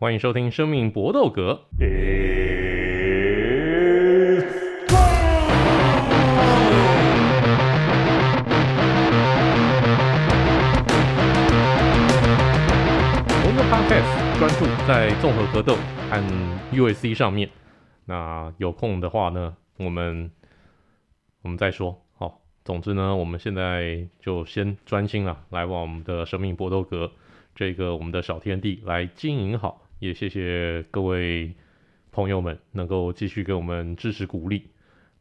歡迎收聽《生命搏鬥格》。這個 podcast 專注在綜合格鬥和 UFC 上面。那有空的話呢，我們我們再說。好，總之呢，我們現在就先專心啊，來往我們的《生命搏鬥格》這個我們的小天地來經營好。也謝謝各位朋友們能夠繼續給我們支持鼓勵。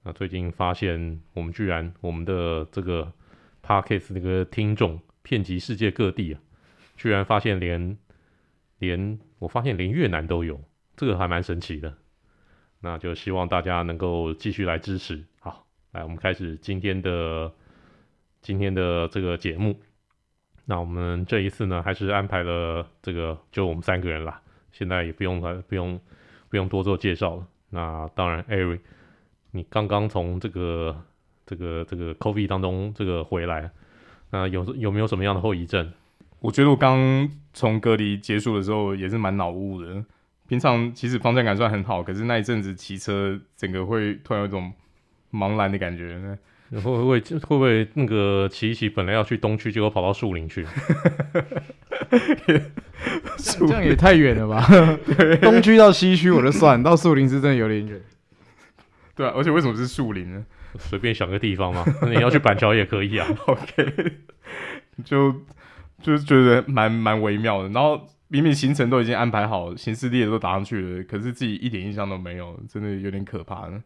那、啊、最近發現我們居然我們的這個 podcast 那個聽眾遍及世界各地啊，居然發現連連我發現連越南都有，這個還蠻神奇的。那就希望大家能夠繼續來支持。好，來我們開始今天的今天的這個節目。那我們這一次呢，還是安排了這個就我們三個人啦。現在也不用啊，不用，不用多做介紹了。那當然，艾瑞，你剛剛從這個、這個、這個 COVID 當中這個回來，那有有沒有什麼樣的後遺症？我覺得我剛從隔離結束的時候也是蠻腦霧的。平常其實方向感算很好，可是那一陣子騎車，整個會突然有一種茫然的感覺。會不會會不會，那個琪琪本來要去東區，結果跑到樹林去， 也樹林這樣也太遠了吧？對對對，東區到西區我就算， 到樹林是真的有點遠。對啊，而且為什麼是樹林呢？隨便想個地方嘛，你要去板橋也可以啊。 OK，就就是覺得蠻蠻微妙的。然後明明行程都已經安排好，行事曆也都打上去了，可是自己一點印象都沒有，真的有點可怕呢。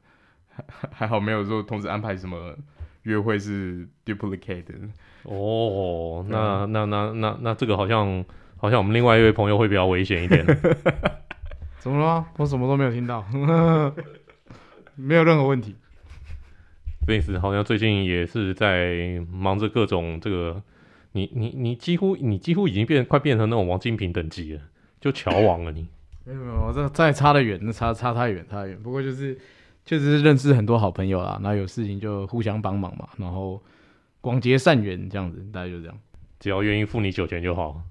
還好，沒有說同時安排什麼約會是 duplicate 的哦。那那那那那這個好像好像我們另外一位朋友會比較危險一點。 怎麼了？我什麼都沒有聽到， 沒有任何問題。Face 好像最近也是在忙着各種這個，你你你幾乎你幾乎已經變快變成那種王金平等級了，就喬王了你。沒有 沒有，我這再差得遠，差差太遠太遠，太遠。不過就是。確實是認識很多好朋友啦，那有事情就互相幫忙嘛，然後廣結善緣這樣子，大家就這樣。只要願意付你酒錢就好，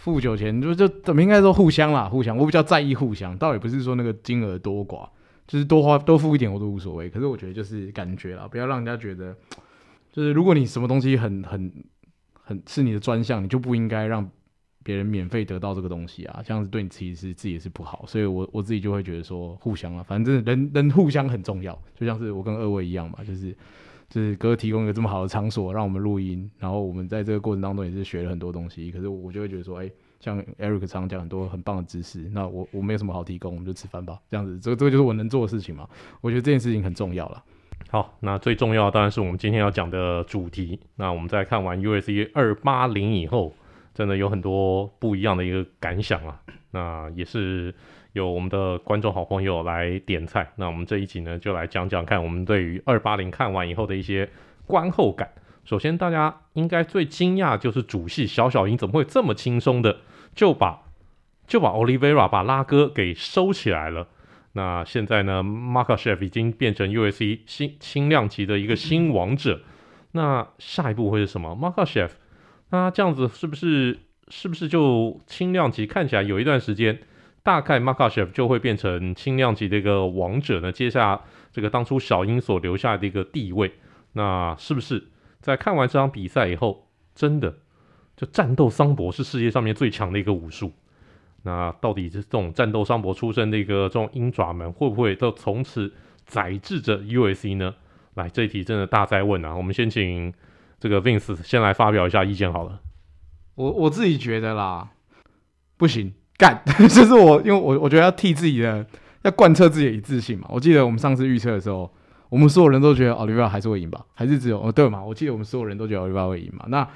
付酒錢就就怎麼應該說互相啦，互相我比較在意互相，倒也不是說那個金額多寡，就是多花多付一點我都無所謂，可是我覺得就是感覺啦，不要讓人家覺得就是如果你什麼東西很很很是你的專項，你就不應該讓別人免費得到這個東西啊，這樣子對你其實自己也是不好，所以我我自己就會覺得說，互相啊，反正人人互相很重要，就像是我跟二位一樣嘛，就是就是哥提供一個這麼好的場所讓我們錄音，然後我們在這個過程當中也是學了很多東西，可是我就會覺得說，哎、欸，像 Eric 常講很多很棒的知識，那我我沒有什麼好提供，我們就吃飯吧，這樣子，這個這個就是我能做的事情嘛，我覺得這件事情很重要了。好，那最重要的當然是我們今天要講的主題，那我們在看完 UFC 二八零以後。真的有很多不一樣的一個感想啊！那也是有我們的觀眾好朋友來點菜。那我們這一集呢，就來講講看我們對於二八零看完以後的一些觀後感。首先，大家應該最驚訝就是主戲小小鷹怎麼會這麼輕鬆的就把就把 Olivera 把拉哥給收起來了？那現在呢，Makhachev 已經變成 UFC 新輕量級的一個新王者。嗯、那下一步會是什麼 Makhachev？那這樣子是不是，是不是就輕量級看起來有一段時間，大概 Makhachev 就會變成輕量級的一個王者呢？接下這個當初小鷹所留下的一個地位，那是不是在看完這場比賽以後，真的就戰鬥桑博是世界上面最強的一個武術？那到底是這種戰鬥桑博出身的一個這種鷹爪門會不會都從此宰制著 UFC 呢？來，這一題真的大哉問啊！我們先請。這個 Vince 先來發表一下意見好了我。我我自己覺得啦，不行，幹！就是我，因為我我覺得要替自己的，要貫徹自己的一致性嘛。我記得我們上次預測的時候，我們所有人都覺得奧利維拉還是會贏吧，還是只有，哦，對嘛。我記得我們所有人都覺得奧利維拉會贏嘛。那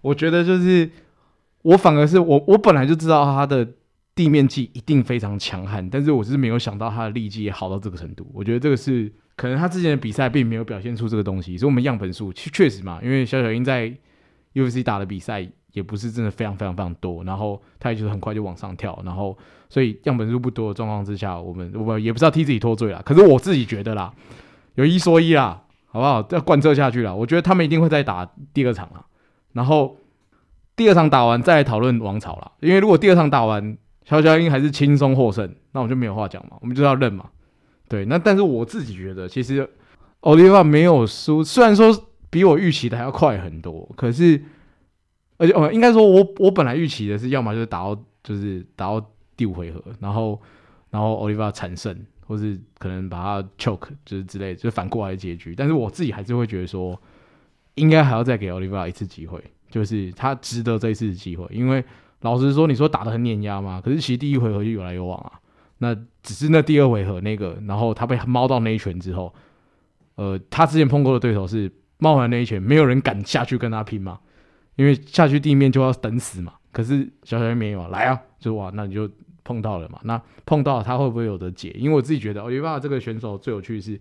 我覺得就是我反而是我，我本來就知道他的地面技一定非常強悍，但是我是沒有想到他的立技也好到這個程度。我覺得這個是。可能他之前的比賽並沒有表現出這個東西，所以我們樣本數其確實嘛，因為小小鷹在 UFC 打的比賽也不是真的非常非常非常多，然後他也就是很快就往上跳，然後所以樣本數不多的狀況之下，我們我們也不知道替自己脫罪了。可是我自己覺得啦，有一說一啦，好不好？要貫徹下去了。我覺得他們一定會再打第二場了，然後第二場打完再來討論王朝了。因為如果第二場打完，小小鷹還是輕鬆獲勝，那我就沒有話講嘛，我們就是要認嘛。對，那但是我自己覺得，其實奧利維拉沒有輸，雖然說比我預期的還要快很多，可是而且哦、OK，應該說我我本來預期的是，要麼就是打到就是打到第五回合，然後然後奧利維拉慘勝，或是可能把他 choke 就是之類的，就反過來的結局。但是我自己還是會覺得說，應該還要再給奧利維拉一次機會，就是他值得這一次的機會，因為老實說，你說打得很碾壓嘛，可是其實第一回合就有來有往啊。那只是那第二回合那個，然後他被他貓到那一拳之後，呃，他之前碰過的對手是貓完那一拳，沒有人敢下去跟他拼嘛，因為下去地面就要等死嘛。可是小小也沒有來啊，就哇，那你就碰到了嘛。那碰到他會不會有得解？因為我自己覺得，歐、哦、弟爸這個選手最有趣的是，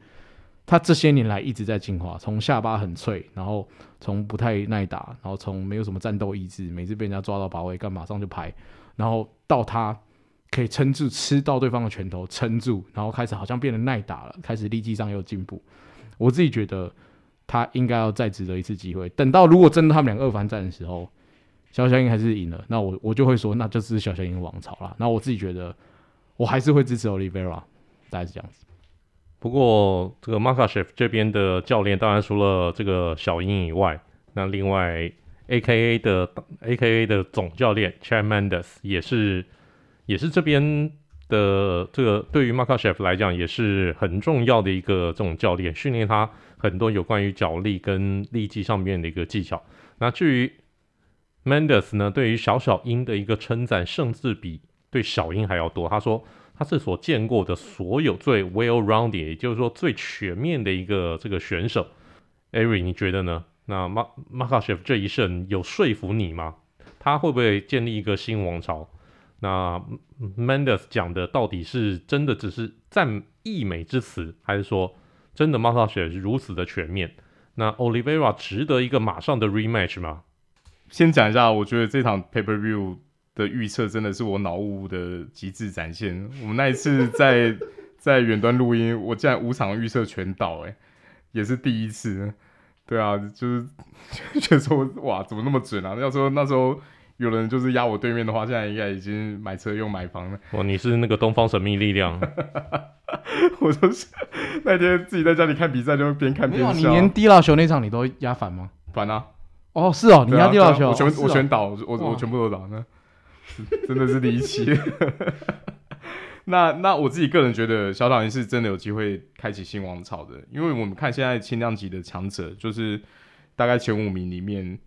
他這些年來一直在進化，從下巴很脆，然後從不太耐打，然後從沒有什麼戰鬥意志，每次被人家抓到把位，幹馬上就拍，然後到他。可以撐住，吃到對方的拳頭，撐住，然後開始好像變得耐打了，開始力氣上又有進步。我自己覺得他應該要再值得一次機會。等到如果真的他們兩個二番戰的時候，小小鷹還是贏了，那我我就會說，那就是小小鷹王朝了。那我自己覺得我還是會支持 Oliveira，大概是這樣子。不過這個 Makhachev 這邊的教練，當然除了這個小鷹以外，那另外 AKA 的 AKA 的總教練 Javier Mendez 也是。也是這邊的這個對於 Makhachev 來講，也是很重要的一個這種教練，訓練他很多有關於腳力跟力技上面的一個技巧。那至於 Mendes 呢，對於小小鷹的一個稱讚，甚至比對小鷹還要多。他說他是所見過的所有最 well-rounded，也就是說最全面的一個這個選手。Eri，你覺得呢？那 Mark Makhachev 這一勝有說服你嗎？他會不會建立一個新王朝？那 Mendes 講的到底是真的，只是贊溢美之詞，還是說真的，Makhachev 是如此的全面？那 Oliveira 值得一個馬上的 rematch 嗎？先講一下，我覺得這場 paper view 的預測真的是我腦霧的極緻展現。我們那一次在在遠端錄音， 我竟然五場預測全倒，誒，也是第一次。對啊，就是就覺得說哇，怎麼那麼準啊？要說那時候。有人就是壓我對面的話，現在應該已經買車又買房了。哦，你是那個東方神秘力量？ 我說、就是，那天自己在家裡看比賽就邊看邊，就會邊看邊笑。你連低老球那場你都壓反嗎？反啊！哦，是哦，你壓低老球，我全我全倒，我我全部都倒，那真的是離奇。 那那我自己個人覺得，小小鷹是真的有機會開啟新王朝的，因為我們看現在輕量級的強者，就是大概前五名裡面。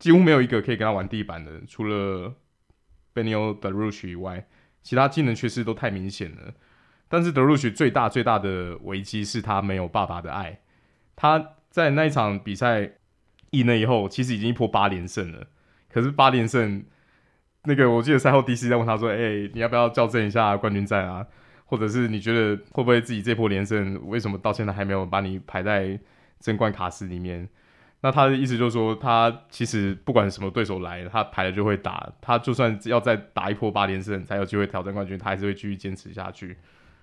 幾乎沒有一個可以跟他玩地板的，除了 Beneil Dariush 以外，其他技能缺失都太明顯了。但是、Dariush 最大最大的危機是他沒有爸爸的愛。他在那一場比賽贏了以後，其實已經一波八連勝了。可是八連勝，那個我記得賽後 DC 在問他說：“哎、欸，你要不要叫陣一下冠軍賽啊？或者是你覺得會不會自己這波連勝，為什麼到現在還沒有把你排在爭冠卡司裡面？”那他的意思就是說，他其實不管什麼對手來，他排了就會打。他就算要再打一波八連勝才有機會挑戰冠軍，他還是會繼續堅持下去。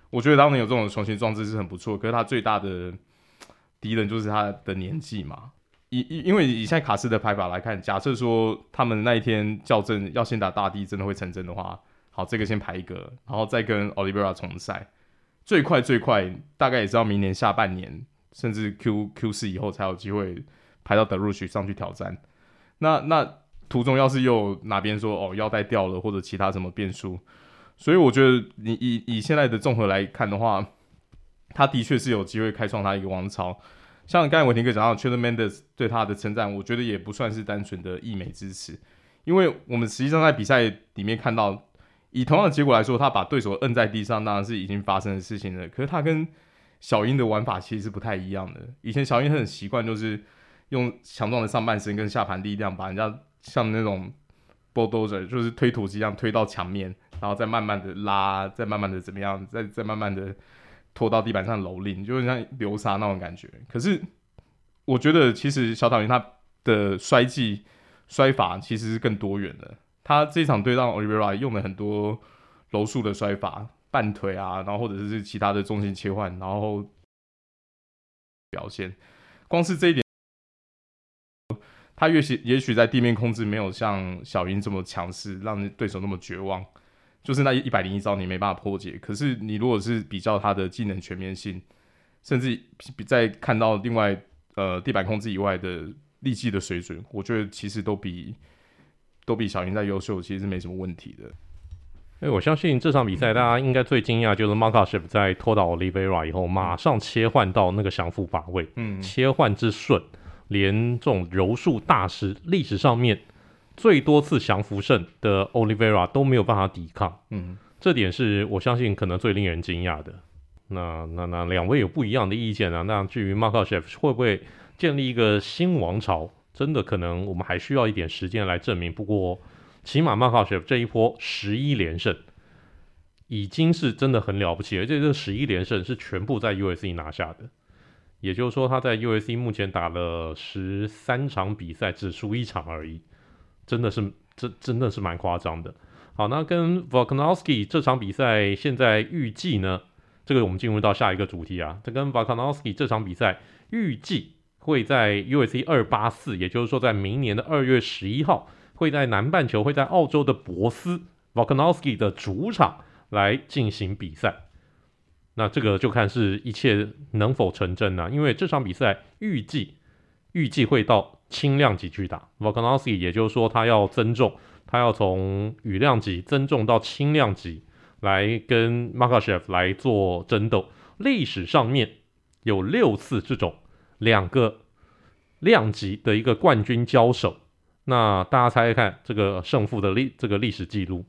我覺得，當年有這種雄心壯志是很不錯。可是，他最大的敵人就是他的年紀嘛。因因為以現在卡斯的排法來看，假設說他們那一天叫陣要先打大帝，真的會成真的話，好，這個先排一個，然後再跟奧利維拉重賽。最快最快大概也是要明年下半年，甚至 Q Q 四以後才有機會。排到德魯 e 上去挑戰，那那途中要是又有哪邊說哦腰帶掉了或者，其他什麼變數，所以我覺得你以以現在的綜合來看的話，他的確是有機會開創他一個王朝。像剛才文婷哥講到 Chad Mendes 對他的稱讚，我覺得也不算是單純的溢美之詞，因為我們實際上在比賽裡面看到，以同樣的結果來說，他把對手摁，在地上當然是已經發生的事情了。可是他跟小鷹的玩法其實是不太一樣的。以前小鷹很習慣就是。用強壯的上半身跟下盤力量，把人家像那種 bulldozer，就是推土機一樣，推到牆面，然後再慢慢的拉，再慢慢的怎麼樣，再再慢慢的拖到地板上蹂躪，就像流沙那種感覺。可是我覺得，其實小桃林他的摔技摔法其實是更多元的。他這一場對戰 Oliveira 用了很多柔術的摔法，半腿啊，然後或者是其他的重心切換，然後表現。光是這一點。他越，也許也許在地面控制沒有像小鷹這麼強勢，讓對手那麼絕望，就是那一百零一招你沒辦法破解。可是你如果是比較他的技能全面性，甚至在看到另外呃地板控制以外的立技的水準，我覺得其實都比都比小鷹在優秀，其實是沒什麼問題的。誒、欸，我相信這場比賽大家應該最驚訝就是 Makhachev 在拖倒 Oliveira 以後，馬上切換到那個降服把位，嗯，切換之順。連這種柔術大師歷史上面最多次降服勝的 Oliveira 都沒有辦法抵抗，嗯，這點是我相信可能最令人驚訝的。那那那，那兩位有不一樣的意見啊？那至於 Makhachev 會不會建立一個新王朝，真的可能我們還需要一點時間來證明。不過，起碼 Makhachev 這一波十一連勝已經是真的很了不起了，而且這十一連勝是全部在 UFC 拿下的。也就是說，他在 UFC 目前打了十三場比賽，只輸一場而已，真的是，這真的是蠻誇張的。好，那跟 Volkanovski 這場比賽現在預計呢？這個我們進入到下一個主題啊。這跟 Volkanovski 這場比賽預計會在 UFC 二八四，也就是說在明年的二月十一號，會在南半球，會在澳洲的博斯 Volkanovski 的主場來進行比賽。那這個就看是一切能否成真呢、啊？因為這場比賽預計預計會到輕量級去打，Volkanovski，也就是說他要增重，他要從羽量級增重到輕量級來跟 Makhachev 來做爭鬥。歷史上面有六次這種兩個量級的一個冠軍交手，那大家猜猜看這個勝負的歷這個歷史記錄，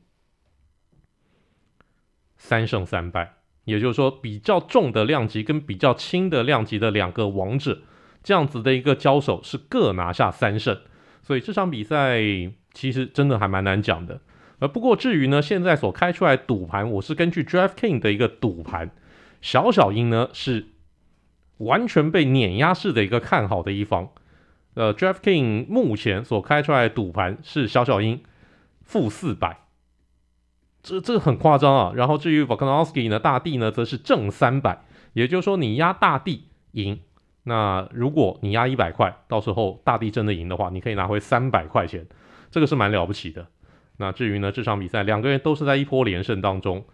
三勝三敗。也就是說，比較重的量級跟比較輕的量級的兩個王者，這樣子的一個交手是各拿下三勝，所以這場比賽其實真的還蠻難講的。呃，不過至於呢，現在所開出來的賭盤，我是根據 DraftKings 的一個賭盤，小小鷹呢是完全被碾壓式的一個看好的一方。呃，DraftKings 目前所開出來的賭盤是小小鷹負四百。400這這個很誇張啊！然後至於 Volkanovski 呢，大帝呢，則是正三百，也就是說你壓大帝贏，那如果你壓一百塊，到時候大帝真的贏的話，你可以拿回三百塊錢，這個是蠻了不起的。那至於呢，這場比賽兩個人都是在一波連勝當中，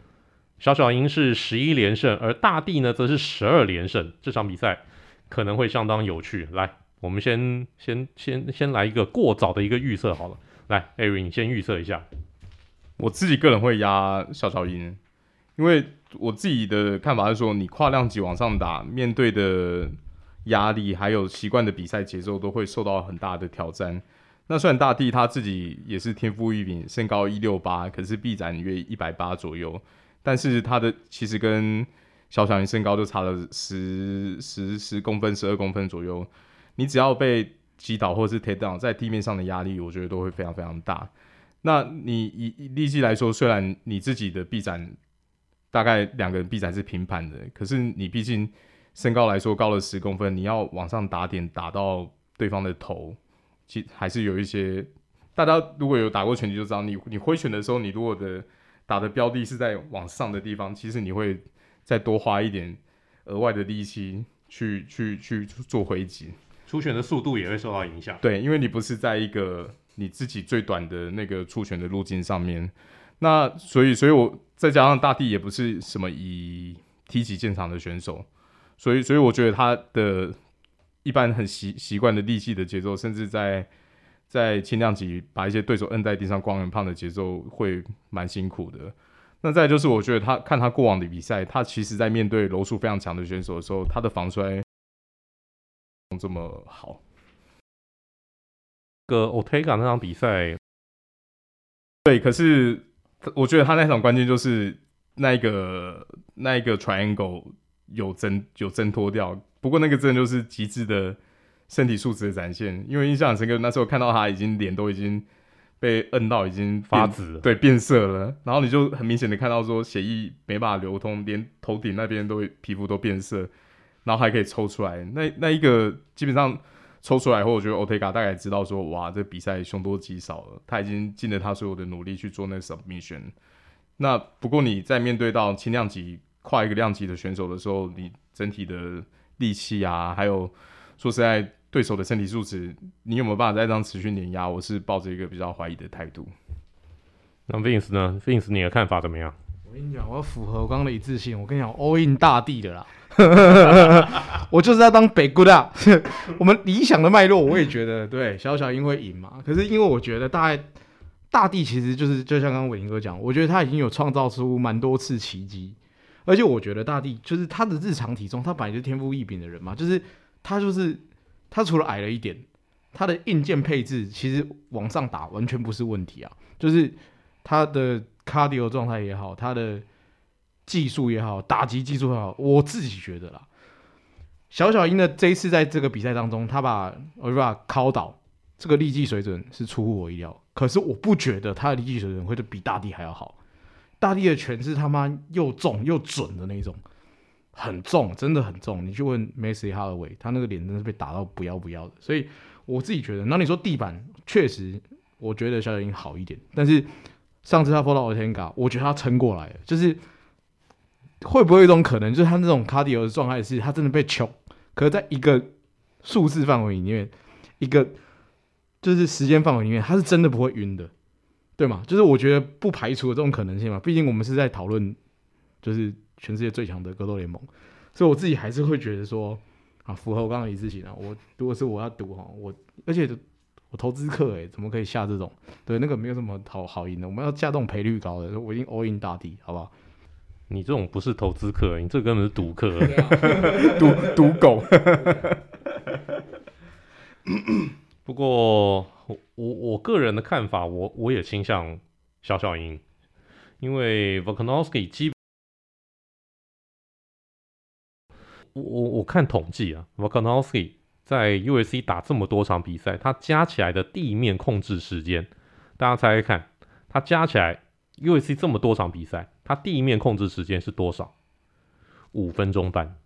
小小鷹是十一連勝，而大帝呢，則是十二連勝。這場比賽可能會相當有趣。來，我們先先先先來一個過早的一個預測好了。來，Aaron，你先預測一下。我自己個人會壓小小鷹，因為我自己的看法是說，你跨量級往上打，面對的壓力還有習慣的比賽節奏，都會受到很大的挑戰。那雖然大帝他自己也是天賦異稟，身高一六八，可是臂展約一百八左右，但是他的其實跟小小鷹身高就差了十十十公分、十二公分左右。你只要被擊倒或者是跌倒在地面上的壓力，我覺得都會非常非常大。那你以力氣來說，雖然你自己的臂展大概兩個人臂展是平盤的，可是你畢竟身高來說高了十公分，你要往上打點打到對方的頭，其還是有一些。大家如果有打過拳擊就知道你，你你揮拳的時候，你如果的打的標的是在往上的地方，其實你會再多花一點額外的力氣去去去做回擊，出拳的速度也會受到影響。對，因為你不是在一個。你自己最短的那個出拳的路徑上面，那所以，所以我再加上大帝也不是什麼以踢擊見長的選手，所以，所以我覺得他的一般很習習慣的力氣的節奏，甚至在在輕量級把一些對手摁在地上光很胖的節奏會蠻辛苦的。那再就是，我覺得他看他過往的比賽，他其實在面對柔術非常強的選手的時候，他的防摔這麼好。個奧特加那場比賽，對，可是我覺得他那場關鍵就是那一個那一個 triangle 有掙有掙脫掉，不過那個真的就是極致的身體素質的展現，因為印象很深刻，那時候看到他已經臉都已經被摁到已經發紫了，對，變色了，然後你就很明顯的看到說血液沒辦法流通，連頭頂那邊都皮膚都變色，然後還可以抽出來，那那一個基本上。抽出來後，我覺得 Otega 大概知道說：“哇，這比賽凶多吉少了。”他已經盡了他所有的努力去做那個 submission。那不過你在面對到輕量級跨一個量級的選手的時候，你整體的力氣啊，還有說實在，對手的身體素質，你有沒有辦法再這樣持續碾壓？我是抱着一個比較懷疑的態度。那 Vince 呢？Vince 你的看法怎麼樣？我跟你講，我要符合剛剛的一致性。我跟你講，All in 大地的啦。我就是要當北谷的，我們理想的脈絡，我也覺得對，小小鷹會贏嘛。可是因為我覺得，大，大帝其實就是就像剛剛偉霆哥講，我覺得他已經有創造出蠻多次奇蹟，而且我覺得大帝就是他的日常體重，他本來就是天賦異禀的人嘛，就是他就是他除了矮了一點，他的硬件配置其實往上打完全不是問題啊，就是他的 cardio 狀態也好，他的。技術也好，打擊技術也好，我自己覺得啦。小小鷹的這一次在這個比賽當中，他把奧利維拉 KO 倒，這個力技水準是出乎我意料。可是我不覺得他的力技水準會比比大帝還要好。大帝的拳是他媽又重又準的那種，很重，真的很重。你去問 Max Holloway，他那個臉真是被打到不要不要的。所以我自己覺得，那你說地板確實，我覺得小小鷹好一點。但是上次他碰到奧特加，我覺得他撐過來了，就是。會不會有一種可能，就是他那種卡迪爾的狀態是，他真的被窮？可是在一個數字範圍裡面，一個就是時間範圍裡面，他是真的不會暈的，對嗎？就是我覺得不排除的這種可能性嘛。畢竟我們是在討論就是全世界最強的格鬥聯盟，所以我自己還是會覺得說啊，符合我剛剛一致性啊。我如果是我要賭哈，我而且我投資客誒，怎麼可以下這種？對，那個沒有什麼好好贏的，我們要下這種賠率高的，我一定 all in 大帝，好不好？你這種不是投資客，你這根本是賭客， 賭賭賭狗。 不過，我我個人的看法，我我也傾向小小鷹，因為 Volkanovski 基本我，我我我看統計啊，Volkanovski 在 UFC 打這麼多場比賽，他加起來的地面控制時間，大家猜猜看，他加起來 UFC 這麼多場比賽。他地面控制時間是多少？五分鐘半，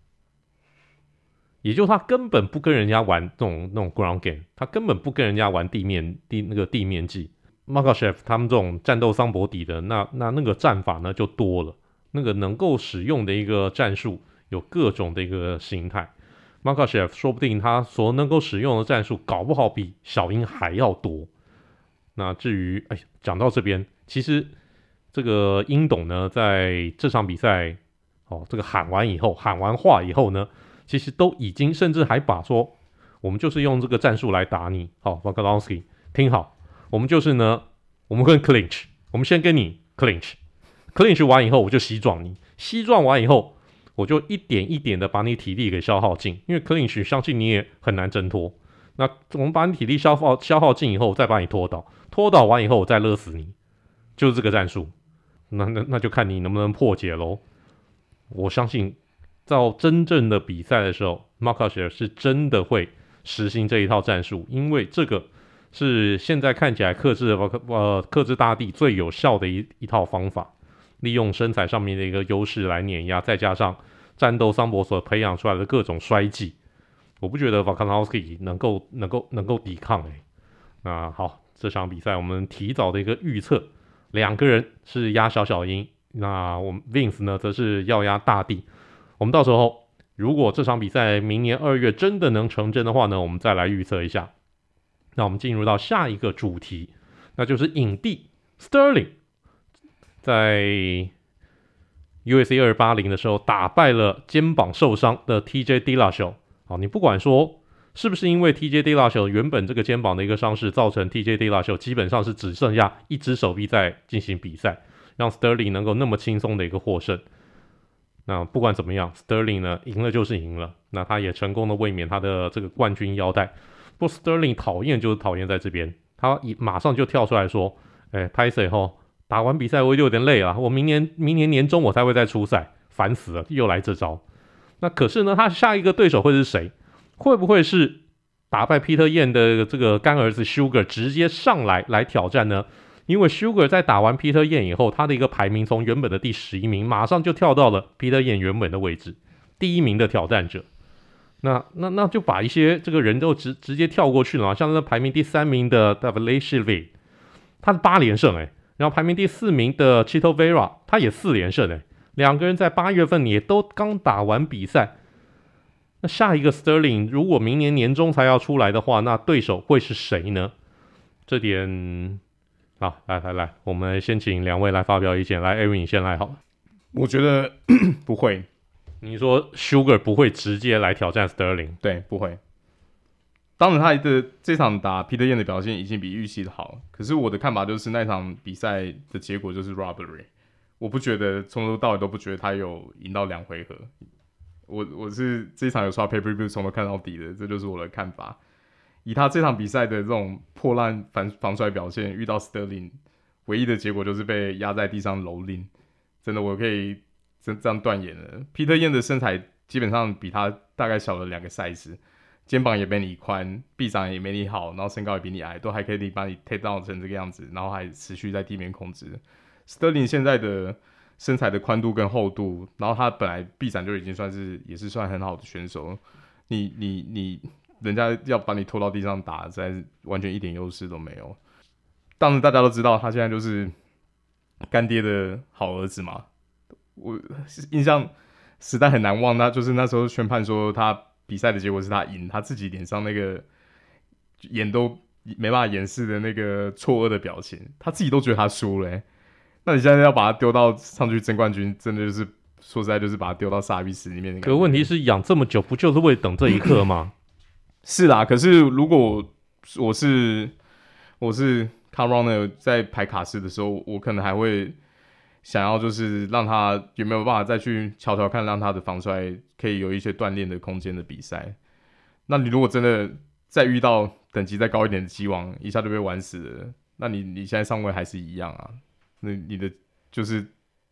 也就他根本不跟人家玩那種那種 ground game，他根本不跟人家玩地面地那個地面技。Makhachev 他們這種戰鬥桑博底的，那那那個戰法呢就多了，那個能夠使用的一個戰術有各種的一個形態。Makhachev 說不定他所能夠使用的戰術，搞不好比小鷹還要多。那至於，哎，講到這邊，其實。這個英董呢，在這場比賽哦，這個喊完以後，喊完話以後呢，其實都已經，甚至還把說，我們就是用這個戰術來打你、哦，好 Volkanovski 聽好，我們就是呢，我們跟 Clinch，我們先跟你 Clinch，Clinch cl 完以後我就膝撞你，膝撞完以後我就一點一點的把你體力給消耗盡，因為 Clinch 相信你也很難掙脫，那我們把你體力消耗消耗盡以後，再把你拖倒，拖倒完以後我再勒死你，就是這個戰術。那那那就看你能不能破解嘍。我相信，在真正的比賽的時候，Makhachev 是真的會實行這一套戰術，因為這個是現在看起來克制呃呃克制大帝最有效的一一套方法，利用身材上面的一個優勢來碾壓，再加上戰鬥桑博所培養出來的各種摔技，我不覺得 Volkanovski 能夠能夠能夠抵抗哎、欸。那好，這場比賽我們提早的一個預測。兩個人是壓小小鷹，那我們 Vince 呢，則是要壓大帝。我們到時候如果這場比賽明年二月真的能成真的話呢，我們再來預測一下。那我們進入到下一個主題，那就是影帝 Sterling 在 UFC 280的時候打敗了肩膀受傷的 T J Dillashaw 好，哦，你不管說。是不是因為 TJ Dillashaw 原本這個肩膀的一個傷勢，造成 TJ Dillashaw 基本上是只剩下一只手臂在進行比賽，讓 Sterling 能夠那麼輕鬆的一個獲勝。那不管怎麼樣，Sterling 呢贏了就是贏了，那他也成功的衛冕他的這個冠軍腰帶。不過 Sterling 討厭就是討厭在這邊，他一馬上就跳出來說：“哎，歹勢吼，打完比賽我就有點累啊，我明年明年年中我才會再出賽，煩死了，又來這招。”那可是呢，他下一個對手會是誰？會不會是打敗 Petr Yan 的這個乾兒子 Sugar 直接上來來挑戰呢？因為 Sugar 在打完 Petr Yan 以後，他的一個排名從原本的第十一名，馬上就跳到了 Petr Yan 原本的位置，第一名的挑戰者。那那那就把一些這個人就直直接跳過去了啊，像那排名第三名的 Dvalishvili 他是八連勝哎、欸，然後排名第四名的 Chito Vera，他也四連勝哎、欸，兩個人在八月份也都剛打完比賽。那下一個 Sterling 如果明年年中才要出來的話，那對手會是誰呢？這點，好、啊，來來來，我們先請兩位來發表意見。來，Avin，你先來好，好我覺得咳咳不會。你說 Sugar 不會直接來挑戰 Sterling，對，不會。當然，他的這場打 Petr Yan 的表現已經比預期的好。可是我的看法就是，那場比賽的結果就是 robbery，我不覺得，從頭到尾都不覺得他有贏到兩回合。我我是這場有刷 pay-per-view 從頭看到底的。這就是我的看法。以他這場比賽的這種破爛防防摔表現，遇到 Sterling，唯一的結果就是被壓在地上蹂躪。真的，我可以這這樣斷言了。Petr Yan 的身材基本上比他大概小了兩個 size，肩膀也沒你寬，臂長也沒你好，然後身高也比你矮，都還可以你把你 take down 成這個樣子，然後還持續在地面控制。Sterling 現在的身材的寬度跟厚度，然後他本來臂展，就已經算是也是算很好的選手，你你你，人家要把你拖到地上打，在完全一點優勢都沒有。但是大家都知道他現在就是乾爹的好兒子嘛，我印象實在很難忘，那就是那時候宣判說，他比賽的結果是他贏，他自己臉上那個眼都沒辦法掩飾的那個錯愕的表情，他自己都覺得他輸了、欸。那你現在要把它丟到上去爭冠軍，真的就是說實在，就是把它丟到沙比斯裡面。可問題是養這麼久，不就是為了等這一刻嗎？ 是啦。可是如果我是我是 Carone 在排卡斯的時候，我可能還會想要就是讓他有沒有辦法再去瞧瞧看，讓他的防摔可以有一些鍛鍊的空間的比賽。那你如果真的再遇到等級再高一點的雞王，一下就被玩死了，那你你現在上位還是一樣啊？那你的就是，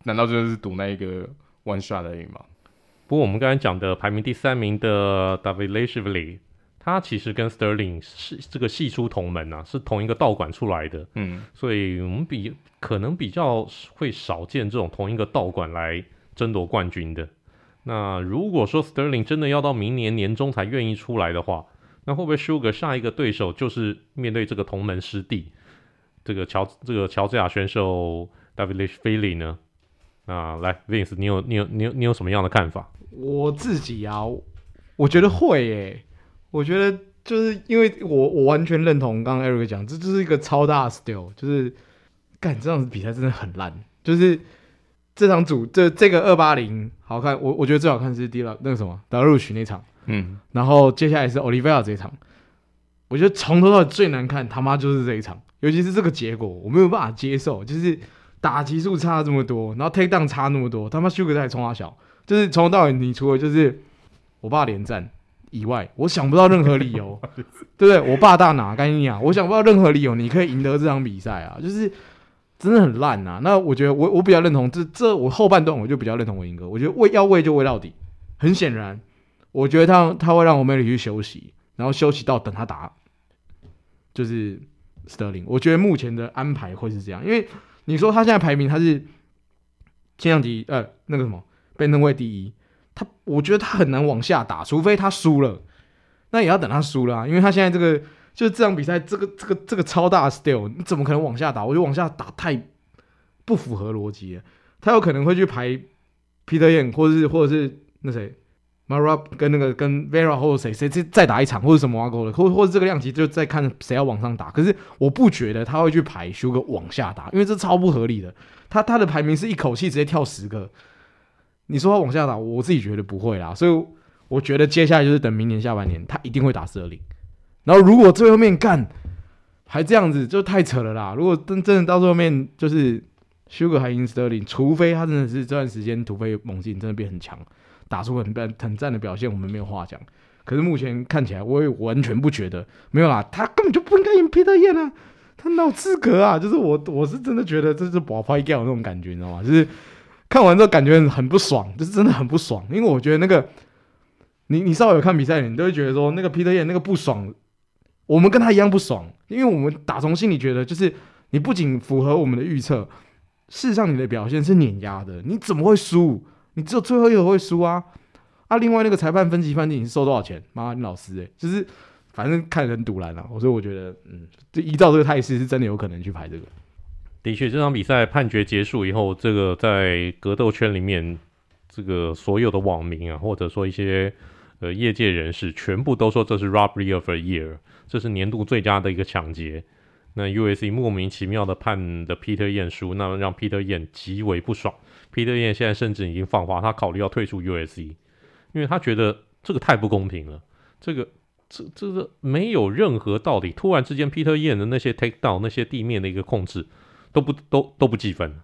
難道就是賭那一個 one shot 的贏嗎？不過我們剛才講的排名第三名的 Dvalishvili, 他其實跟 Sterling 是這個系出同門啊，是同一個道館出來的。嗯，所以我們比可能比較會少見這種同一個道館來爭奪冠軍的。那如果說 Sterling 真的要到明年年中才願意出來的話，那會不會 Sugar 下一個對手，就是面對這個同門師弟？這個喬這個喬治亞選手 Wish Philly 呢？啊，來 Vince，你有你有你有你有，你有什麼樣的看法？我自己啊，我，我覺得會誒、欸，我覺得就是因為我我完全認同剛剛 Eric 講，這就是一個超大的 still 就是幹這樣子比賽真的很爛。就是這場主這這個二八零好看，我我覺得最好看是 D 老，那個什麼 Dariush 那場，嗯，然後接下來是 Oliveira 這一場。我覺得從頭到尾最難看，他媽就是這一場，尤其是這個結果我沒有辦法接受，就是打擊數差這麼多，然後 take down 差那麼多，他媽 Sugar 還衝阿小，就是從頭到尾，你除了就是我爸連戰以外，我想不到任何理由， 對不對？我爸大拿，趕緊講，我想不到任何理由，你可以贏得這場比賽啊，就是真的很爛吶、啊。那我覺得我我比較認同這這我後半段我就比較認同文英哥，我覺得餵要餵就餵到底，很顯然，我覺得他他會讓我妹妹去休息。然後休息到等他打，就是 Sterling 我覺得目前的安排會是這樣，因為你說他現在排名他是限量級，呃，那個什麼被認為第一，他我覺得他很難往下打，除非他輸了，那也要等他輸了啊，因為他現在這個就是這場比賽這個這個這個超大的 style，你怎麼可能往下打？我覺得往下打太不符合邏輯了，他有可能會去排 p e Petr Yan，或者是或者是那誰。Merab 跟那個跟 Vera 或者誰誰再打一場，或者什麼掛鈎的，或或者這個量級就再看誰要往上打。可是我不覺得他會去排 Sugar 往下打，因為這超不合理的。他他的排名是一口氣直接跳十個，你說他往下打，我自己覺得不會啦。所以我覺得接下來就是等明年下半年，他一定會打 Sterling。然後如果最後面幹還這樣子，就太扯了啦。如果真真的到最後面就是 Sugar 還贏 Sterling，除非他真的是這段時間突飛猛進，真的變很強。打出很很讚的表現，我們沒有話講。可是目前看起來，我也完全不覺得沒有啦。他根本就不應該贏 Petr Yan 呢，他哪資格啊？就是我，我是真的覺得這是把發一掉那種感覺，你知道嗎？就是看完之後感覺很不爽，就是真的很不爽。因為我覺得那個你，你稍微有看比賽，你都會覺得說那個 Petr Yan 那個不爽。我們跟他一樣不爽，因為我們打從心裡覺得，就是你不僅符合我們的預測，事實上你的表現是碾壓的，你怎麼會輸？你只有最後一回合輸啊！啊，另外那個裁判分級判定你是收多少錢？媽，你老實誒、欸，就是反正看人賭爛了。所以我覺得，嗯，依照這個態勢，是真的有可能去排這個。的確，這場比賽判決結束以後，這個在格鬥圈裡面，這個所有的網民啊，或者說一些呃業界人士，全部都說這是 robbery of a year，這是年度最佳的一個搶劫。那 UFC 莫名其妙的判的 Petr Yan 輸，那讓 Petr Yan 極為不爽。Petr Yan 現在甚至已經放話，他考慮要退出 UFC，因為他覺得這個太不公平了。這個、這、這個沒有任何道理。突然之間，Petr Yan 的那些 take down、那些地面的一個控制都不、都都不計分，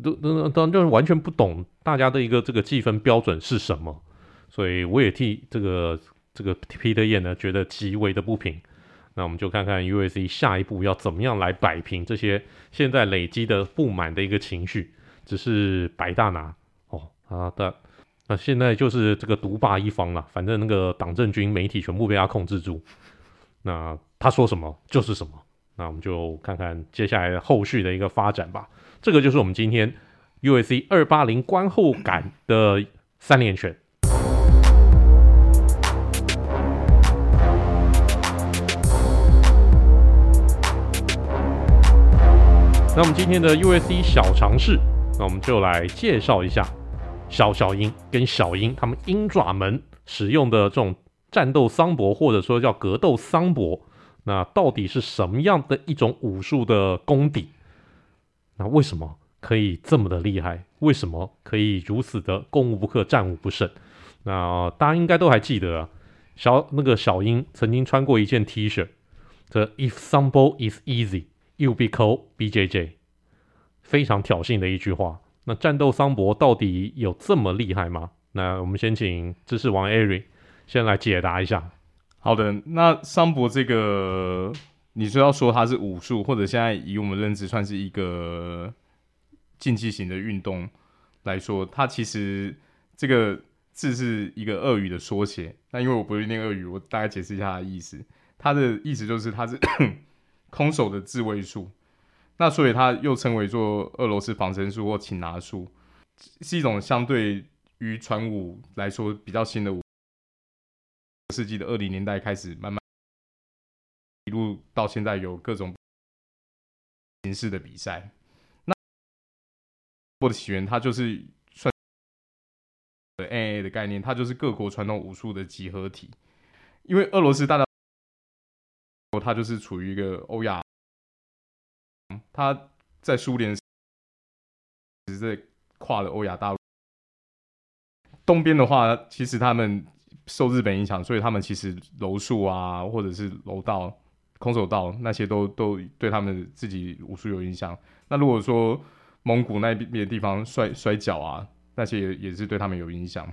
都、都、都就是完全不懂大家的一個這個計分標準是什麼。所以，我也替這個這個 Petr Yan 呢覺得極為的不平。那我們就看看 UFC 下一步要怎麼樣來擺平這些現在累積的不滿的一個情緒。只是白大拿哦好的，那、啊啊、現在就是這個獨霸一方了。反正那個黨政軍媒體全部被他控制住，那他說什麼就是什麼。那我們就看看接下來後續的一個發展吧。這個就是我們今天 UFC 二八零觀後感的三連拳。那我們今天的 UFC 小常識，那我們就來介紹一下小小鷹跟小鷹他們鷹爪門使用的這種戰鬥桑博，或者說叫格鬥桑博，那到底是什麼樣的一種武術的功底？那為什麼可以這麼的厲害？為什麼可以如此的攻無不克、戰無不勝？那大家應該都還記得啊，小那個小鷹曾經穿過一件 T 恤，這個、If Sambo is easy。u b c o BJJ，非常挑釁的一句話。那戰鬥桑博到底有這麼厲害嗎？那我們先請知識王 ERI 先來解答一下。好的，那桑博這個，你說要說他是武術，或者現在以我們認知算是一個競技型的運動來說，它其實這個字是一個俄語的縮寫。那因為我不會念俄語，我大概解釋一下它的意思。它的意思就是，它是。 空手的自衛術，那所以它又稱為做俄羅斯防身術或擒拿術，是一種相對於傳武來說比較新的武，20世紀的二零年代開始慢慢，一路到現在有各種形式的比賽。那我的起源，它就是算是 MMA 的概念，它就是各國傳統武術的集合體，因為俄羅斯大家。它就是處於一個歐亞，它在蘇聯，是在跨了歐亞大陸。東邊的話，其實他們受日本影響，所以他們其實柔術啊，或者是柔道、空手道那些都都對他們自己武術有影響。那如果說蒙古那邊地方摔摔跤啊，那些也也是對他們有影響。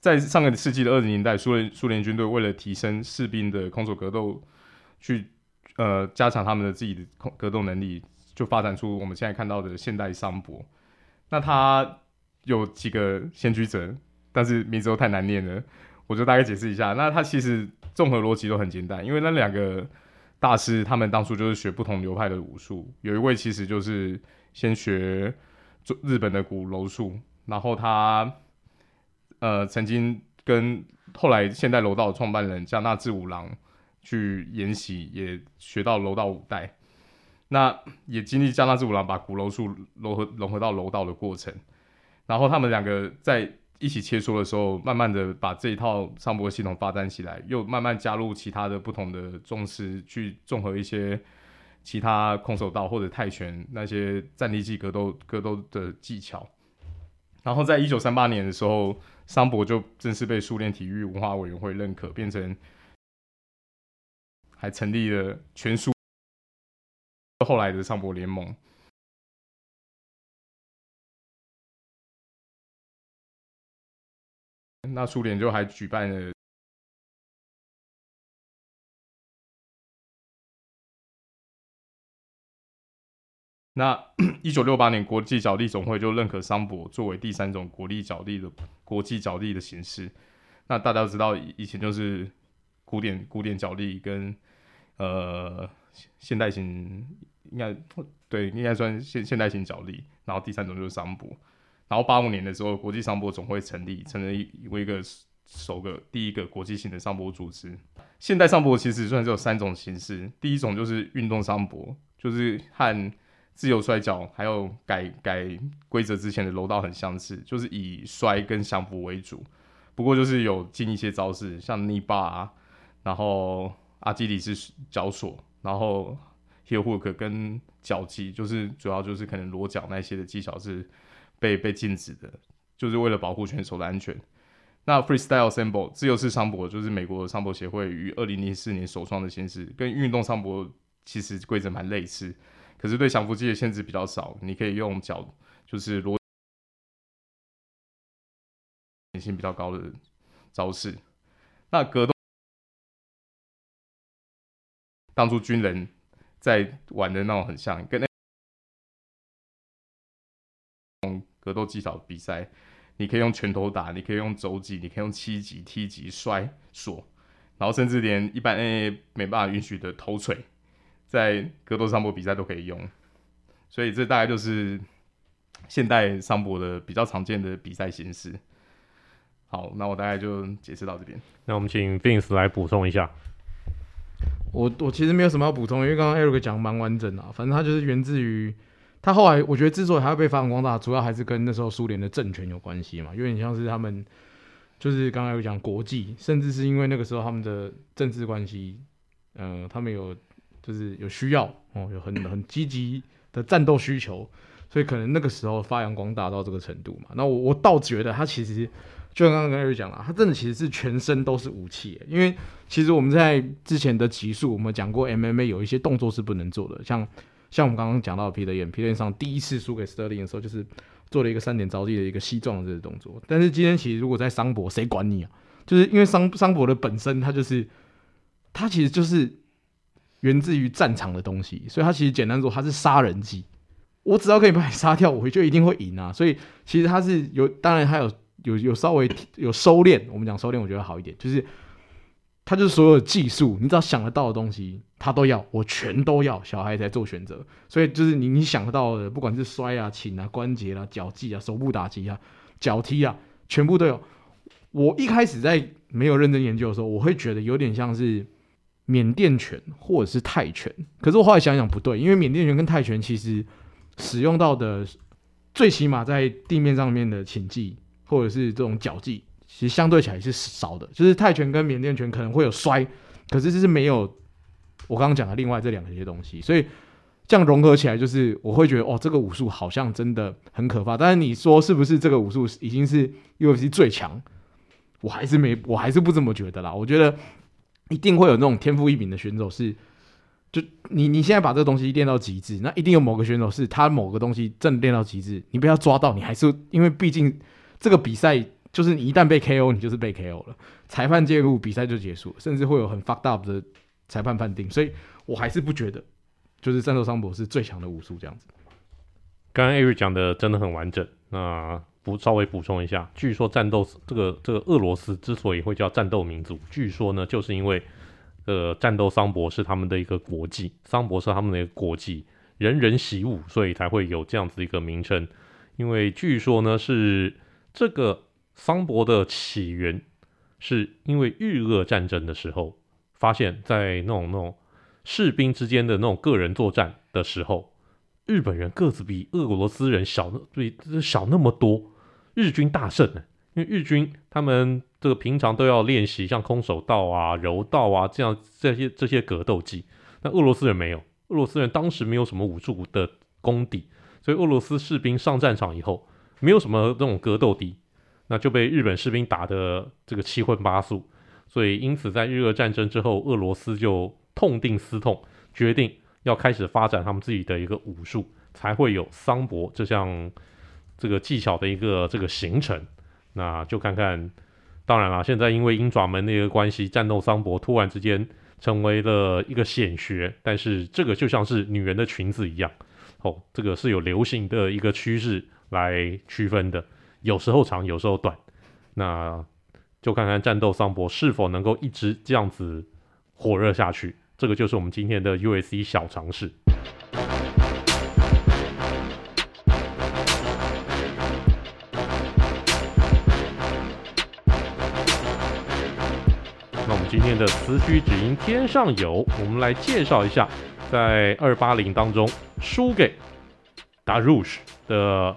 在上個世紀的二十年代，蘇聯蘇聯軍隊為了提升士兵的空手格鬥。去，呃，加強他們的自己的格鬥能力，就發展出我們現在看到的現代桑博，那他有幾個先驅者，但是名字都太難念了，我就大概解釋一下。那他其實綜合邏輯都很簡單，因為那兩個大師他們當初就是學不同流派的武術，有一位其實就是先學做日本的古柔術，然後他呃曾經跟後來現代柔道的創辦人嘉納治五郎。去研習，也學到柔道五代，那也經歷嘉納治五郎把古柔術融合融合到柔道的過程，然後他們兩個在一起切磋的時候，慢慢的把這一套桑博系統發展起來，又慢慢加入其他的不同的宗師去綜合一些其他空手道或者泰拳那些站立式格鬥格鬥的技巧，然後在一九三八年的時候，桑博就正式被蘇聯體育文化委員會認可，變成。還成立了全蘇，後來的桑博聯盟。那蘇聯就還舉辦了，那一九六八年國際角力總會就認可桑博作為第三種國力角力的國際角力的形式。那大家都知道以前就是。古典古典角力跟呃現代型應該對應該算現現代型角力，然後第三種就是桑博，然後八五年的時候國際桑博總會成立，成為為一個首個第一個國際性的桑博組織。現代桑博其實算是有三種形式，第一種就是運動桑博，就是和自由摔跤還有改改規則之前的柔道很相似，就是以摔跟降服為主，不過就是有進一些招式，像泥巴啊。然後阿基里斯腳鎖，然後 heel hook 跟腳擊，就是主要就是可能裸腳那些的技巧是被被禁止的，就是為了保護選手的安全。那 freestyle 桑博自由式桑博就是美國的桑博協會於二零零四年首創的形式，跟運動桑博其實規則蠻類似，可是對降服技的限制比較少，你可以用腳就是裸，彈性比較高的招式。那格鬥。當初軍人在玩的那種很像跟那種格鬥技巧比賽，你可以用拳頭打，你可以用肘擊，你可以用膝擊、踢擊、摔鎖，然後甚至連一般誒沒辦法允許的頭錘，在格鬥桑搏比賽都可以用。所以這大概就是現代桑搏的比較常見的比賽形式。好，那我大概就解釋到這邊。那我們請 Binks 來補充一下。我我其實沒有什麼要補充，因為剛剛 Eric 講的蠻完整的啊。反正他就是源自於他後來，我覺得之所以他會被發揚光大，主要還是跟那時候蘇聯的政權有關係嘛。有點像是他們就是剛才有講國際，甚至是因為那個時候他們的政治關係，嗯、呃，他們有就是有需要哦，有很很積極的戰鬥需求，所以可能那個時候發揚光大到這個程度嘛。那我我倒覺得他其實就像剛剛剛才就講了，他真的其實是全身都是武器，因為其實我們在之前的集數，我們講過，MMA 有一些動作是不能做的，像像我們剛剛講到 Petr Yan，Petr Yan 上第一次輸給 Sterling 的時候，就是做了一個三點着地的一個膝撞的這個動作。但是今天其實如果在桑博，誰管你啊？就是因為桑桑博的本身，它就是它其實就是源自於戰場的東西，所以它其實簡單說，它是殺人技。我只要可以把你殺掉，我就一定會贏啊！所以其實它是有，當然還有。有有稍微有收斂，我們講收斂，我覺得好一點。就是他就是所有技術，你只要想得到的東西，他都要，我全都要。小孩才做選擇，所以就是你你想得到的，不管是摔啊、擒啊、關節啊、腳技啊、手部打擊啊、腳踢啊，全部都有。我一開始在沒有認真研究的時候，我會覺得有點像是緬甸拳或者是泰拳。可是我後來想想不對，因為緬甸拳跟泰拳其實使用到的最起碼在地面上面的擒技。或者是這種腳技，其實相對起來是少的。就是泰拳跟緬甸拳可能會有摔，可是這是沒有我剛剛講的另外這兩個一些東西。所以這樣融合起來，就是我會覺得哦，這個武術好像真的很可怕。但是你說是不是這個武術已經是 UFC 最強？我還是沒，我還是不怎麼覺得啦，不這麼覺得。我覺得一定會有那種天賦異稟的選手是，是就你你現在把這個東西練到極致，那一定有某個選手是他某個東西真練到極致。你不要抓到，你還是因為畢竟。這個比賽就是你一旦被 KO，你就是被 KO 了。裁判介入，比賽就結束了，甚至會有很 fucked up 的裁判判定。所以我還是不覺得，就是戰鬥桑博是最強的武術這樣子。剛剛 Ari 講的真的很完整，那補稍微補充一下，據說戰鬥這個這個俄羅斯之所以會叫戰鬥民族，據說呢，就是因為呃戰鬥桑博是他們的一個國技，桑博是他們的一個國技，人人習武，所以才會有這樣子一個名稱。因為據說呢是。這個桑博的起源，是因為日俄戰爭的時候，發現，在那種那種士兵之間的那種個人作戰的時候，日本人個子比俄羅斯人小，對，小那麼多，日軍大勝呢。因為日軍他們這個平常都要練習像空手道啊、柔道啊這樣這些這些格鬥技，但俄羅斯人沒有，俄羅斯人當時沒有什麼武術的功底，所以俄羅斯士兵上戰場以後，沒有什麼那種格鬥底，那就被日本士兵打得這個七葷八素，所以因此在日俄戰爭之後，俄羅斯就痛定思痛，決定要開始發展他們自己的一個武術，才會有桑博這項這個技巧的一個這個形成。那就看看，當然啦，現在因為鷹爪門的一個關係，戰鬥桑博突然之間成為了一個顯學，但是這個就像是女人的裙子一樣，哦，這個是有流行的一個趨勢。來區分的，有時候長，有時候短，那就看看戰鬥桑博是否能夠一直這樣子火熱下去。這個就是我們今天的 UFC 小常識。 那我們今天的此曲只應天上有，我們來介紹一下，在二八零當中輸給 Dariush 的。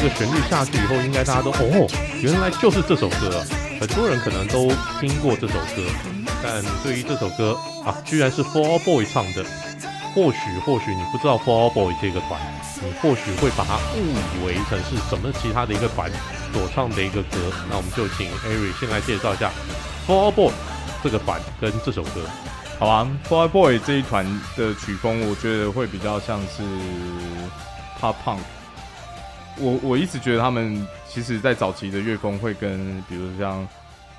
這個旋律下去以後，應該大家都哦，原來就是這首歌啊。很多人可能都聽過這首歌，但對於這首歌啊，居然是 Fall Out Boy 唱的。或許或許你不知道 Fall Out Boy 這個團，你或許會把它誤以爲成是什麼其他的一個團所唱的一個歌。那我們就請 Ari 先來介紹一下 Fall Out Boy 這個團跟這首歌，好吧？Fall Out Boy 這一團的曲風，我覺得會比較像是 Pop Punk。我我一直覺得他們其實，在早期的樂風會跟，比如像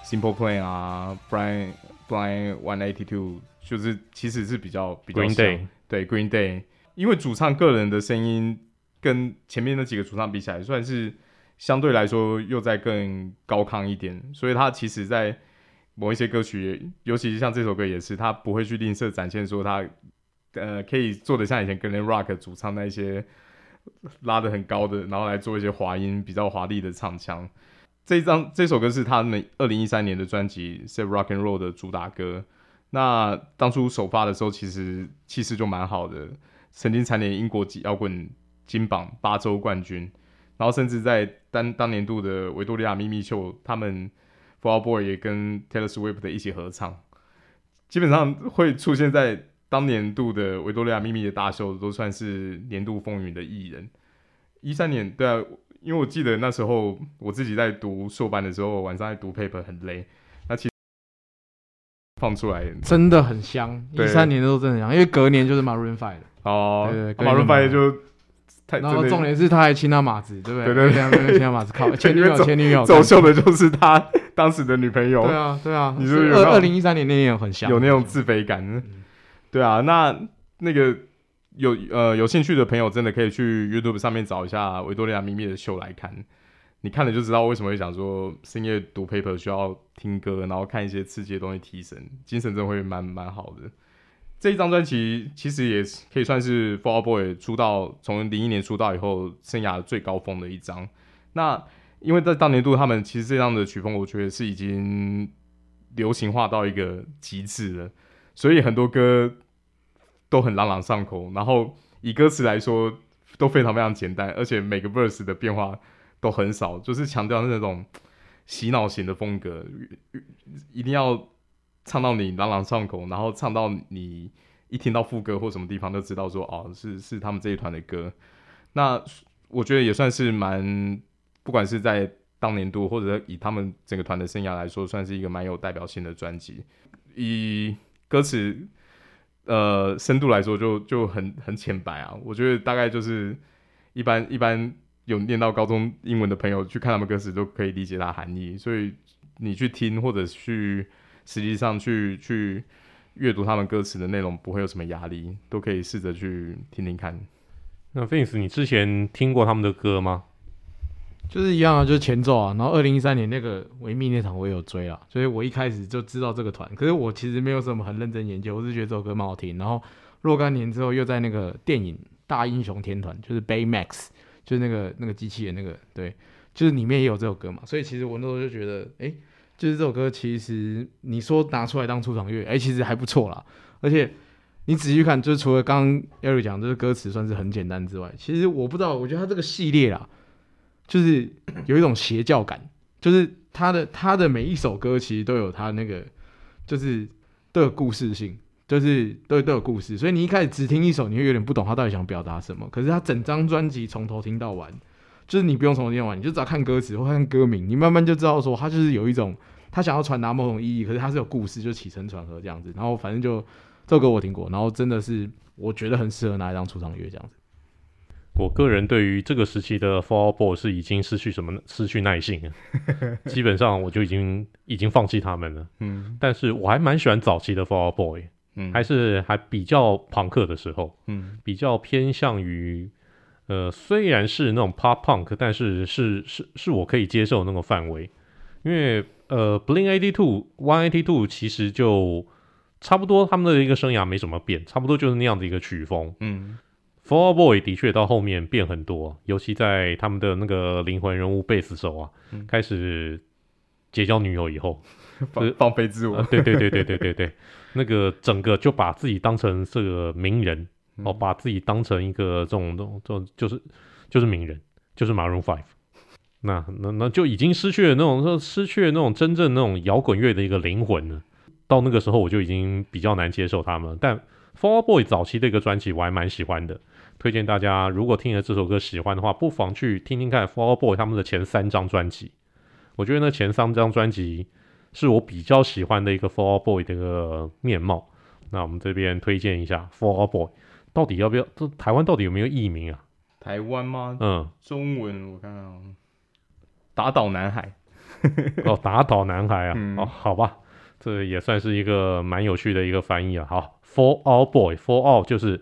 Simple Plan 啊，Blink Blink 182，就是其實是比較比較像，Green Day。對 Green Day，因為主唱個人的聲音跟前面那幾個主唱比起來，算是相對來說又再更高亢一點，所以他其實在某一些歌曲，尤其是像這首歌也是，他不會去吝嗇展現說他，呃，可以做得像以前 Glam Rock 主唱那些。拉得很高的，然後來做一些滑音比較華麗的唱腔。這張這首歌是他們二零一三年的專輯《Save Rock and Roll》的主打歌。那當初首發的時候，其實氣勢就蠻好的，曾經蟬聯英國搖滾金榜八周冠軍，然後甚至在當當年度的維多利亞秘密秀，他們 Fall Out Boy 也跟 Taylor Swift 一起合唱，基本上會出現在。當年度的維多利亞秘密的大秀，都算是年度風雲的藝人。一三年對啊，因為我記得那時候我自己在讀碩班的時候，晚上在讀 paper 很累。那其實放出來真的很香，一三年都真的很香，因為隔年就是 Maroon Five 的哦，對，Maroon Five 就太，然後重點是他還親他馬子，對不對？對對對，親他馬子靠，前女友前女友走秀的就是他當時的女朋友，對啊對啊。你是二零一三年那年有很香，有那種自卑感。對啊，那那個有呃有興趣的朋友，真的可以去 YouTube 上面找一下維多利亞秘密的秀來看。你看了就知道為什麼會想說深夜讀 paper 需要聽歌，然後看一些刺激的東西提神，精神真的會蠻蠻好的。這一張專輯其實也可以算是 Fall Out Boy 出道從零一年出道以後生涯最高峰的一張。那因為在當年度，他們其實這張的曲風，我覺得是已經流行化到一個極致了。所以很多歌都很朗朗上口，然後以歌詞來說都非常非常簡單，而且每個 verse 的變化都很少，就是強調那種洗腦型的風格，一定要唱到你朗朗上口，然後唱到你一聽到副歌或什麼地方都知道說哦，是是他們這一團的歌。那我覺得也算是蠻，不管是在當年度或者以他們整個團的生涯來說，算是一個蠻有代表性的專輯。以歌詞，呃，深度來說就就很很淺白啊。我覺得大概就是一般一般有念到高中英文的朋友去看他們歌詞都可以理解它的含義。所以你去聽或者去實際上去去閱讀他們歌詞的內容，不會有什麼壓力，都可以試着去聽聽看。那 Finn，你之前聽過他們的歌嗎？就是一樣啊，就是前奏啊。然後二零一三年那個維密那場我也有追啊，所以我一開始就知道這個團。可是我其實沒有什麼很認真研究，我是覺得這首歌蠻好聽。然後若干年之後又在那個電影《大英雄天團》就是 Baymax 就是那個那個機器人那個對，就是裡面也有這首歌嘛。所以其實我那時候就覺得，誒、欸、就是這首歌其實你說拿出來當出場樂，誒、欸、其實還不錯啦。而且你仔細看，就是除了剛剛 L 講這個歌詞算是很簡單之外，其實我不知道，我覺得它這個系列啊。就是有一種邪教感，就是他的他的每一首歌其實都有他那個，就是都有故事性，就是都都有故事。所以你一開始只聽一首，你會有點不懂他到底想表達什麼。可是他整張專輯從頭聽到完，就是你不用從頭聽到完，你就只要看歌詞或看歌名，你慢慢就知道說他就是有一種他想要傳達某種意義。可是他是有故事，就起承轉合這樣子。然後反正就這首歌我聽過，然後真的是我覺得很適合拿來當出場樂這樣子。我個人對於這個時期的 Fall Out Boy 是已經失去什麼？失去耐性了 基本上我就已經已經放棄他們了。嗯，但是我還蠻喜歡早期的 Fall Out Boy，嗯，還是還比較朋克的時候，嗯，比較偏向於呃，雖然是那種 Pop Punk，但是是是是我可以接受那個範圍，因為呃，Blink Eighty Two、One Eighty Two 其實就差不多，他們的一個生涯沒什麼變，差不多就是那樣的一個曲風，嗯。Fall Out Boy 的確到後面變很多、啊，尤其在他們的那個靈魂人物貝斯手啊，嗯、開始結交女友以後，放,放飛自我，啊、對,對對對對對對對， 那個整個就把自己當成這個名人、嗯、哦，把自己當成一個這種這種就是就是名人，就是 Maroon Five，那那那就已經失去了那種說失去了那種真正那種搖滾樂的一個靈魂了、啊。到那個時候我就已經比較難接受他們了，但 Fall Out Boy 早期的一個專輯我還蠻喜歡的。推薦大家，如果聽了這首歌喜歡的話，不妨去聽聽看 Fall Out Boy 他們的前三張專輯。我覺得呢，前三張專輯是我比較喜歡的一個 Fall Out Boy 的一個面貌。那我們這邊推薦一下 Fall Out Boy，到底要不要？這台灣到底有沒有譯名啊？台灣嗎？嗯。中文我看看、啊，打倒男孩。 哦，打倒男孩啊！嗯、哦，好吧，這也算是一個蠻有趣的一個翻譯了、啊。好，Fall Out Boy Fall Out 就是。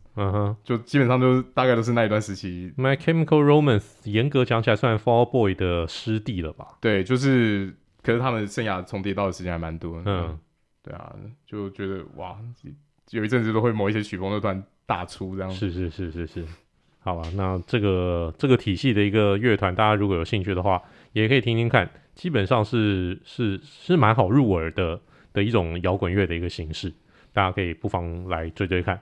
嗯哼，uh、huh, 就基本上都是大概都是那一段時期。My Chemical Romance 嚴格講起來，算 Fall Out Boy 的師弟了吧？對，就是，可是他們生涯重疊到的時間還蠻多。嗯，嗯，對啊，就覺得哇，有一陣子都會某一些曲風都突然大出，這樣。是是是是是，好吧，那這個這個體系的一個樂團，大家如果有興趣的話，也可以聽聽看。基本上是是是蠻好入耳的的一種搖滾樂的一個形式，大家可以不妨來追追看。